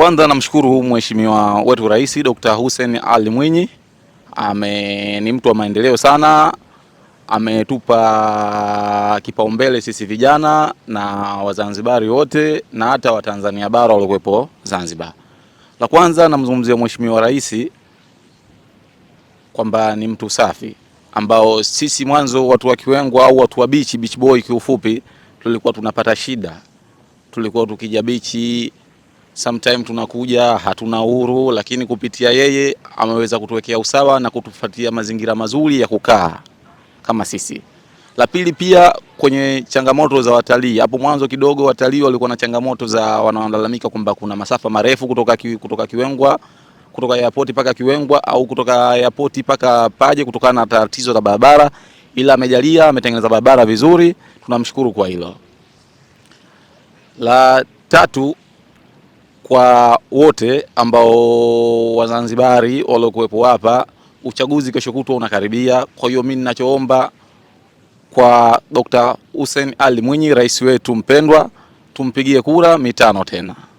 Kwanza namshukuru mheshimiwa wetu Rais Dr. Hussein Ali Mwinyi ame, ni mtu wa maendeleo sana, ametupa kipaumbele sisi vijana na Wazanzibari wote na hata Watanzania bara waliokuwepo Zanzibar. La kwanza namzungumzia mheshimiwa rais kwamba ni mtu safi, ambao sisi mwanzo watu wa Kiwengwa au watu wa bichi beach boy kiufupi, tulikuwa tunapata shida, tulikuwa tukija bichi sometime tunakuja hatuna uhuru, lakini kupitia yeye ameweza kutuwekea usawa na kutufatia mazingira mazuri ya kukaa kama sisi. La pili pia kwenye changamoto za watalii, hapo mwanzo kidogo watalii walikuwa na changamoto za wanaolalamika kwamba kuna masafa marefu kutoka, ki, kutoka Kiwengwa kutoka airport paka Kiwengwa au kutoka airport paka Paje kutokana na tatizo la barabara, ila amejalia ametengeneza barabara vizuri, tunamshukuru kwa hilo. La tatu kwa wote ambao Wazanzibari waliokuwepo hapa. Uchaguzi kesho kutwa unakaribia, kwa hiyo mimi ninachoomba kwa Dr. Hussein Ali Mwinyi, rais wetu mpendwa, tumpigie kura mitano tena.